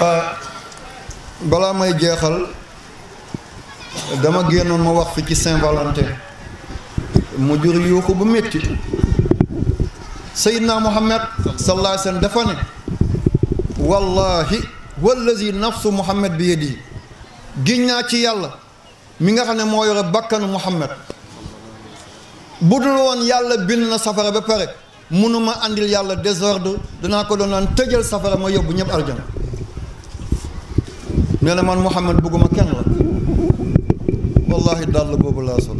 Ah, balaa may jeexal dama génnoon ma wax fi ci Saint-Valentin mu jur yuuxu bu métti Seydina Muhammad sallallahu alayhi wa sallam dafa ne wallahi wallazi nafsu Muhammad bi yadihi giñ naa ci yàlla mi nga xam ne moo yore bakkanu Muhammad bu dul woon yàlla bind na safara ba pare mënuma àndil yàlla désordre danaa ko doon naan tëjal safara ma yóbbu ñëpp arjana nee na man Mouhamed bëgguma kenn la wallahi dàll boobu laa sol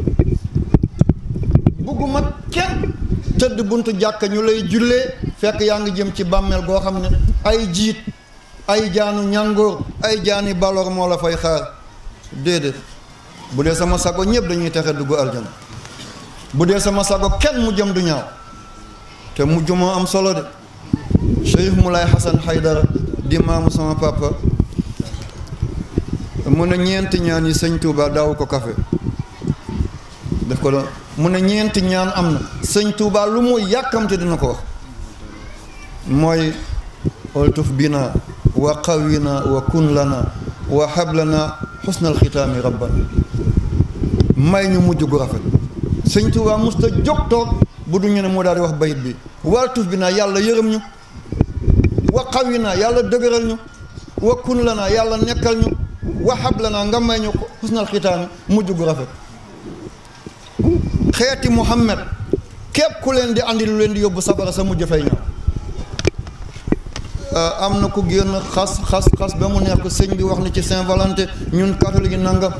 bëgguma kenn tëdd buntu jàkka ñu lay jullee fekk yaa ngi jëm ci bàmmeel goo xam ne ay jiit ay jaanu ñàngoor ay jaani baloor moo la fay xaar déedéet bu dee sama sago ñëpp dañuy texe dugg aljana bu dee sama sago kenn mu jëm du ñaaw te mu jumoo am solo de Cheikh Moulay Hassan Haydara di maamu sama papa mun a ñeenti ñaan yi sëñ Touba daaw ko kafe daf ko la mun a ñeenti ñaan am na sëñ Touba lu mu yàkkamte dina ko wax mooy oltuf bina wa qawina wa kun lana wa hablana xusnal xitaami rabbana may daal di wax bayit bi yàlla yërëm ñu wa qawina yàlla dëgëral ñu wa kun lana yàlla nekkal ñu waxab la naa nga may ñu xusnal xitaami mujj gu rafet xeeti muhammad képp ku leen di andi lu leen di yóbbu sabara sa mujj fay ñëw euh, am na ku génn xas xas xas ba mu nekk sëñ bi wax ni ci Saint-Valentin ñun catholique yi nangam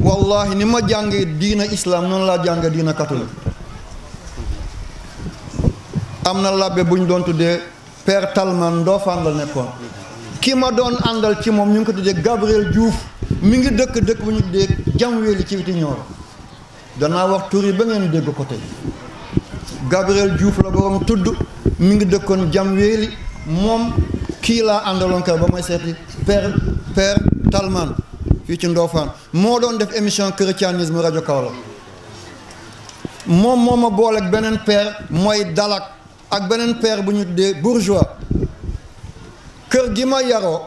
wallahi ni ma jàngee diina islam noonu laa jàngee diina catholique am na làbbe bu ñu doon tuddee père Talman Ndofane la nekkoon ki ma doon àndal ci moom ñu ngi ko tuddee Gabriel Diouf mi ngi dëkk dëkk bu ñu tuddee Jamweeli ci witi Nioro danaa wax tur yi ba ngeen dégg ko tey Gabriel Diouf la borom tudd mi ngi dëkkoon Jamweeli moom kii laa àndaloon kër ba may seeti père père Talman fii ci Ndofane moo doon def émission chrétianisme rajo Kaolack moom moo ma booleeg beneen père mooy Dalak ak beneen per bu ñu tuddee bourgeois. kër gi ma yaroo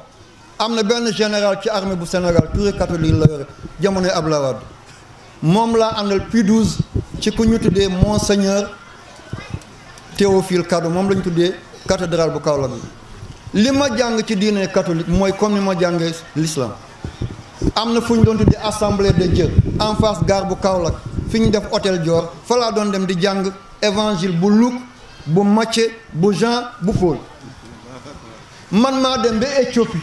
am na benn général ci armée bu Sénégal Touré Katoline la yore jamonoy Abdoulaye Wade moom laa àndal puis 12 ci ku ñu tuddee monseigneur Théophile Kado moom la ñu tuddee cathédrale bu Kaolack bi li ma jàng ci diine catholique mooy comme ni ma jàngee l'islam am na fu ñu doon tuddee assemblée de Dieu en face gare bu Kaolack fi ñu def hôtel Dior fa doon dem di jàng évangile bu Luc bu Matthieu bu Jean bu Paul. man maa dem ba Éthiopie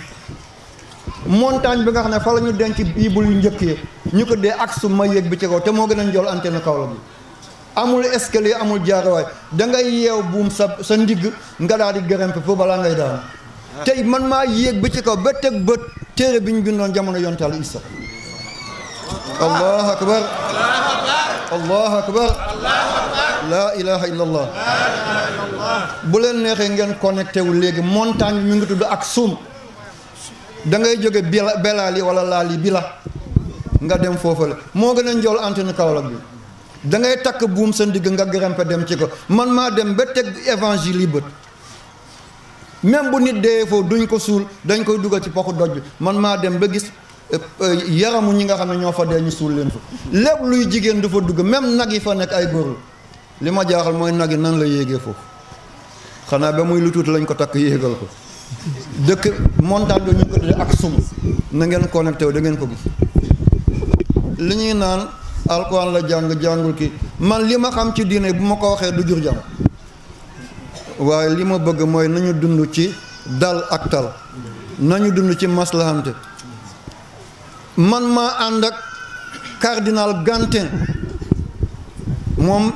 montagne bi nga xam ne fa la ñu denc biibul yu njëkk yi ñu ko dee ak su ma yéeg bi ci kaw te moo gën a njool antenne Kaolack bi amul escalier amul jaaruwaay da ngay yeew buum sa sa ndigg nga daal di grimper foo balaa ngay daanu tey man maa yéeg bi ci kaw ba teg bët téere bi ñu bindoon jamono yontaal Isa allahu akbar allahu akbar laa ilaha illa allah bu leen neexee ngeen connecté wu léegi montagne bi mu ngi tudd ak suum dangay jóge bila belaali wala laali la nga dem foofale moo gën a njool antenne Kaolack bi da ngay takk buum sa ndigg nga grimpe dem ci ko man maa dem ba teg évangile yi bët même bu nit dee foofu duñ ko suul dañ koy dugal ci poxu doj bi man maa dem ba gis Euh, yaramu ñi nga xam ne ñoo fa dee ñu suul leen fa lépp luy jigéen du fa dugg même nag yi fa nekk ay góor la li ma jaaxal mooy nag yi nan la yéegee foofu xanaa ba muy lu tuuti lañ ko takk yéegal ko dëkk montagne bi ñu ko tuddee ak sum na ngeen connecté wu da ko gis li ñuy naan alquran la jàng jàngul ki man li ma xam ci diine bu ma ko waxee du jur jàmm waaye li ma bëgg mooy nañu dund ci dal ak tal nañu dund ci maslahante man maa ànd ak cardinal Gantin moom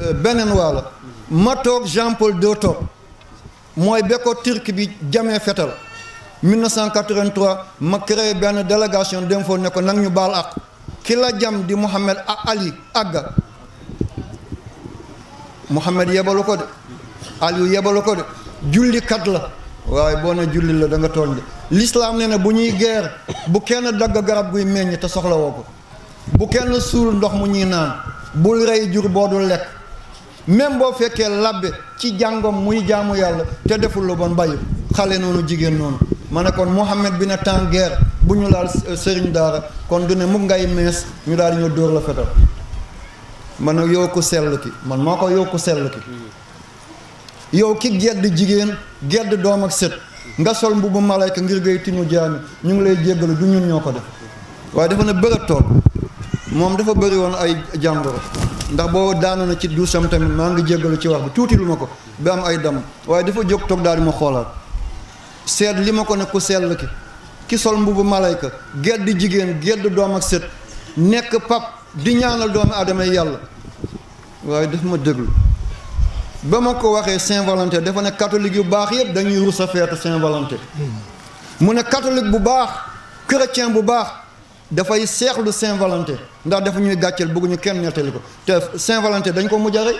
euh, beneen waala ma toog Jean Paul II toog mooy be ko turc bi jamee fetal ma créé benn délégation dem foo ne nag ñu baal ak ki la jam di Mouhamed Ali Agga Mouhamed yebalu ko de Aliou yebalu ko de jullikat la waaye boo ne jullit la da nga tooñ de lislaam nee na bu ñuy geer bu kenn dagg garab guy meññ te soxlawoo ko bu kenn suul ndox mu ñuy naan bul rey jur boo dul lekk même boo fekkee labbe ci jàngom muy jaamu yàlla te deful lu bon bayu xale noonu jigéen noonu ma ne kon Mouhamed bi ne temps guerre bu ñu laal euh, sëriñ daara kon du ne mukk ngay mees ñu daal ñu dóor la fetal ma ne yow ku sell ki man maa ko yow ku sell ki yow ki gedd jigéen gedd doom ak sët nga sol mbubu malayka ngir ngay tinu jaami ñu ngi lay jéggalu du ñun ñoo ko def waaye dafa ne bërëb tool moom dafa bëri woon ay jàngoro ndax boo daanu na ci duusam tamit maa ngi jéggalu ci wax bi tuuti lu ma ko bi am ay dam waaye dafa jóg toog daal di ma xoolaat seet li ma ko ne ku sell ki ki sol mbubu malayka gedd jigéen gedd doom ak sët nekk pap di ñaanal doomu aadama yàlla waaye daf ma déglu ba ma ko waxee Saint-Valentin dafa ne catholique yu baax yëpp dañuy rus a feetu Saint-Valentin mu ne katolik bu baax chrétien bu baax dafay seexlu Saint-Valentin ndax dafa ñuy gàcceel bëgguñu kenn nettali ko te Saint-Valentin dañ ko mujj a rey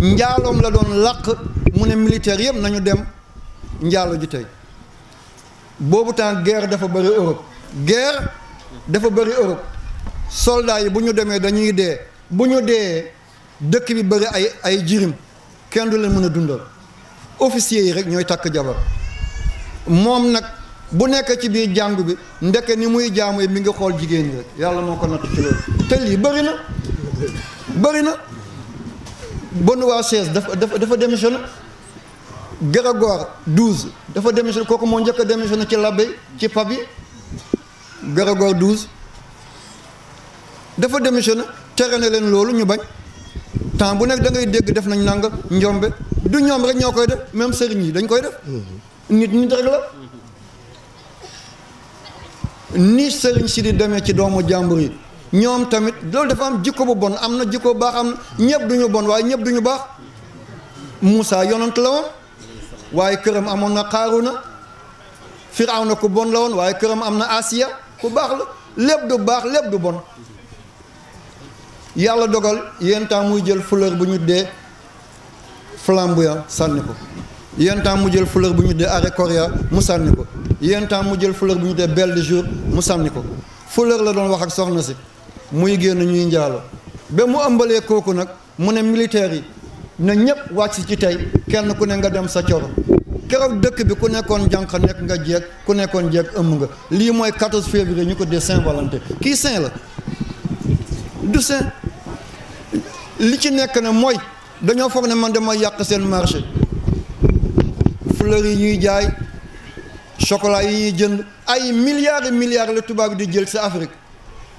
njaaloom la doon làq mu ne militaire yëpp nañu dem njaalo ji tey boobu temps guerre dafa bëri Europe guerre dafa bëri Europe soldats yi bu ñu demee dañuy dee bu ñu dee dëkk bi bëri ay ay jirim kenn du leen mën a dundal officier yi rek ñooy takk jabar moom nag bu nekk ci biir jàngu bi ndeke ni muy jaamu yi mi ngi xool jigéen ñi rek yàlla moo ko natt ci loolu te lii bëri na bëri na Benoît seize dafa dafa dafa démissionné Grégoire douze dafa démissionné kooku moo njëkk deme démissionné ci l'abbé ci pape yi Grégoire douze dafa démissionné tere na leen loolu ñu bañ temps bu nekk da dégg def nañ nanga njombe du ñoom rek ñoo koy def même sëriñ yi dañ koy def nit nit rek la ni sëriñ si di demee ci doomu jàmbur yi ñoom tamit loolu dafa am jikko bu bon am na jikko baax am na ñëpp du ñu bon waaye ñëpp du ñu baax Moussa yonant la woon waaye këram amoon na Qaaruna na ku bon la woon waaye këram am na Asiya ku baax la lépp du baax lépp du bon yàlla dogal yenn temps muy jël fleur bu ñu dee flamboyant sànni ko yenn temps mu jël fleur bu ñu dee arécoria mu sànni ko yenn temps mu jël fleur bu ñu dee belle du jour mu sànni ko fleur la doon wax ak soxna si muy génn ñuy njaalo ba mu ëmbalee kooku nag mu ne militaire yi na ñëpp wàcc ci tey kenn ku ne nga dem sa coro keroog dëkk bi ku nekkoon jànq nekk nga jeeg ku nekkoon jeeg ëmb nga lii mooy 14 février ñu ko dee Saint-Valentin kii saint la du sain li ci nekk na mooy dañoo foog ne man dama yàq seen marché fleurs yi ñuy jaay chocolat yi ñuy jënd ay milliards et milliards la tubaab di jël sa Afrique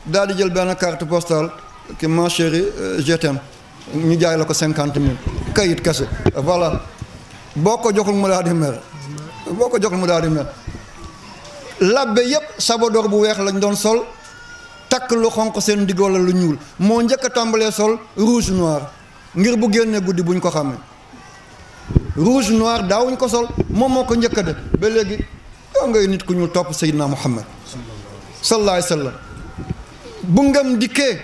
daal di jël benn carte postale ki ma chérie euh, ñu jaay la ko cinquante mille kayit kese voilà boo ko joxul mu daal mer boo ko joxul mu daal di mer labbe yépp sabadoor bu weex lañ doon sol takk lu xonq seen digg wala lu ñuul moo njëkk tàmbalee sol rouge noir ngir bu génnee guddi buñ ko xamee rouge noir daawuñ ko sol moom moo ko njëkk a def ba léegi yow ngay nit ku ñuul topp Seydina Muhammad sallallahu alayhi wa sallam bu ngëm dikkee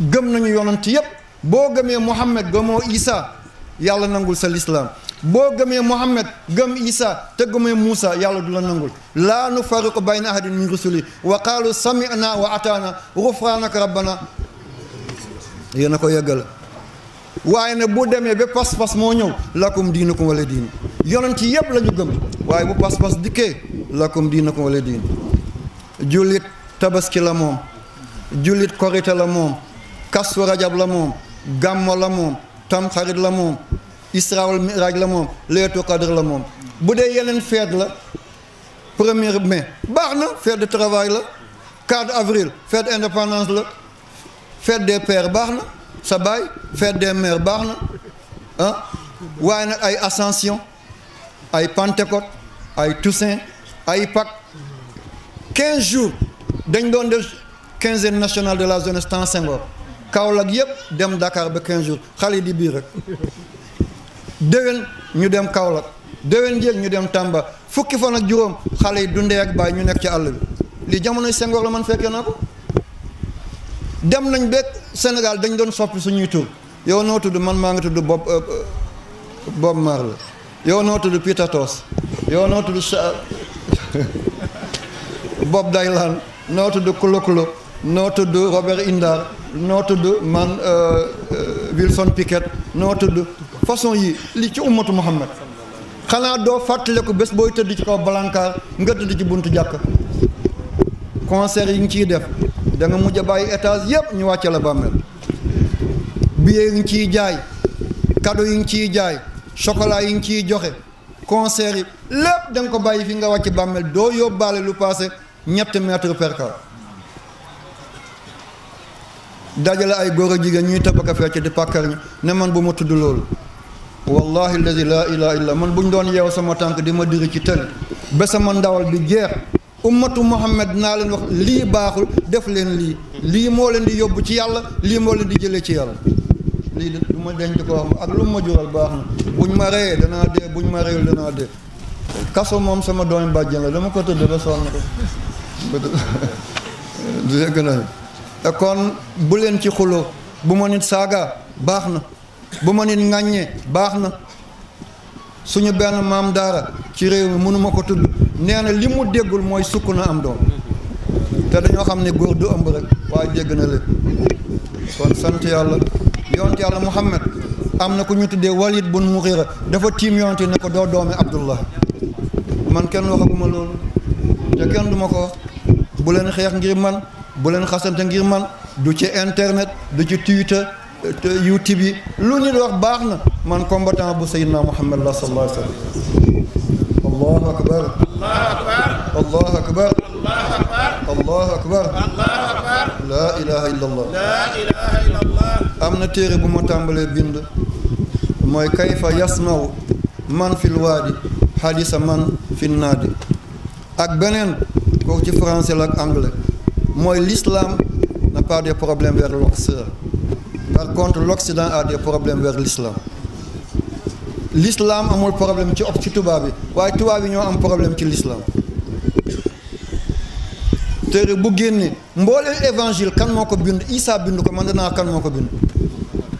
gëm nañu yonent yépp boo gëmee Muhammad gëmoo Isa yàlla nangul sa lislaam boo gëmee Muhammad gëm Isa te gëmee Muusa yàlla du la nangul laa nufarriqu bayna ahadin min rusuli wa qaalu sami'na wa ataana ghufraanaka rabbana yéen a ko yëggal waaye ne bu demee ba pas-pas moo ñëw lakum diinukum wala diin yonent yëpp la ñu gëm waaye bu pas-pas dikkee lakum ko wala diin jullit tabaski la moom jullit korite la moom kastu rajab la moom gàmmo la moom tamxarit la moom israel miraj la moom leetu qadr la moom bu dee yeneen fête la premier mai baax na fête de travail la 4 avril fête indépendance la fête des pères baax na sa baay de maire baax na ah. waaye na ay ascension ay Pentecôte ay Toussaint ay Pâques 15 jours dañ doon def quinzaine nationale de la jeunesse temps Senghor Kaolack yëpp dem Dakar ba 15 jours xale di biir rek déwén ñu dem Kaolack déwén jéeg ñu dem tàmba fukki fan ak juróom xale yi dundee ak bàyyi ñu nekk ci àll bi lii jamono Senghor la man fekkee naa ko dem nañ beeg Sénégal dañ doon soppi suñuy tur yow noo tudd man maa ngi tudd Bob euh, euh, Bob Marley yow noo tudd Peter Tosh yow noo tudd Bob Dylan noo tudd Kolo Kolo noo tudd Robert Indar noo tudd man euh, Wilson Pickett noo tëdd façon yi li ci ummatu muhammad xanaa doo fàttaliku bés booy tëdd ci kaw balankaar nga tëdd ci buntu jàkk concert yi ñu ciy def da mujj a bàyyi étage yëpp ñu wàcce la bàmmeel billet yi ñu ciy jaay cadeau yi ñu ciy jaay chocolat yi ñu ciy joxe concert yi lépp da ko bàyyi fi nga wàcc bàmmeel doo yóbbaale lu paase ñett mètre percal dajale ay góor a jigéen ñuy tabaka fecc di pàkkar ñi ne man bu ma tudd loolu wallahi allazi laa ilaha illa man buñ doon yeew sama tànk di ma diri ci tël ba sama ndawal bi jeex ummatu muhammad naa leen wax lii baaxul def leen lii lii moo leen di yóbbu ci yàlla lii moo leen di jëlee ci yàlla lii du ma denc ko wax ak lu ma jural baax na buñ ma reyee danaa dee buñ ma reyul danaa dee kaso moom sama doon bàjjen la dama ko tëdd ba sonn ko dégg nañu kon bu leen ci xuloo bu ma nit saaga baax na bu ma nit ŋàññee baax na suñu benn maam daara ci réew mi mënuma ko tudd nee na li mu déggul mooy sukk na am doom te dañoo xam ne góor du ëmb rek waaye dégg na lépp kon sant yàlla yonent yàlla Muhammad am na ku ñu tuddee Walid bun Mughira dafa tiim yonent ne ko doo doomi Abdullah man kenn waxaguma loolu te kenn duma ko wax xeex ngir man bu leen xasante ngir man du ci internet du ci Twitter YouTube yi lu nit wax baax na man combattant bu Seydina Muhammad la sallallahu alayhi wa sallam allahu akbar ilaha illa am na téere bu ma tàmbalee bind mooy kayfa yasmaw man fil waadi xadisa man fi naadi ak beneen kook ci français la ak anglais mooy l'islam n'a pas de problème vers l'Occident par contre l'Occident a des problèmes vers l'islam l'islam amul problème ci op ci tubaab bi waaye tubaab yi ñoo am problème ci l'islam téere bu génne mbooleen évangile kan moo ko bind Isa bind ko man danaa kan moo ko bind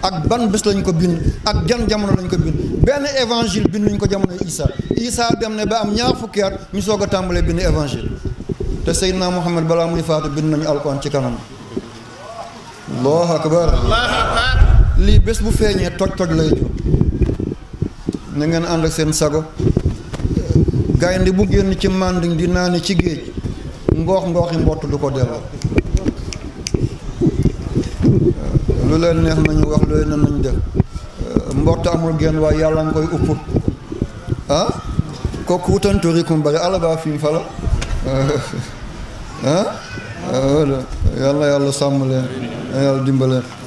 ak ban bés lañ ko bind ak jan jamono lañ ko bind benn évangile binduñ ko jamono Isa Isa dem ne ba am ñaar fukki at ñu soog a tàmbalee bind évangile te Seydina Muhammad balaa muy faatu bind nañu alquran ci kanam allahu akbar lii bés bu feeñee toj toj lay jur na ànd ak seen sago gaynde bu génn ci màndiñ di ni ci géej ngoox ngooxi mbott du ko delloo lu leen neex nañu wax lu leen nañu def mbott amul genn waaye yàlla nga koy upp ah kooku utanturicum bari alaba fii fala ah yàlla yàlla sàmm leen yàlla dimbaleen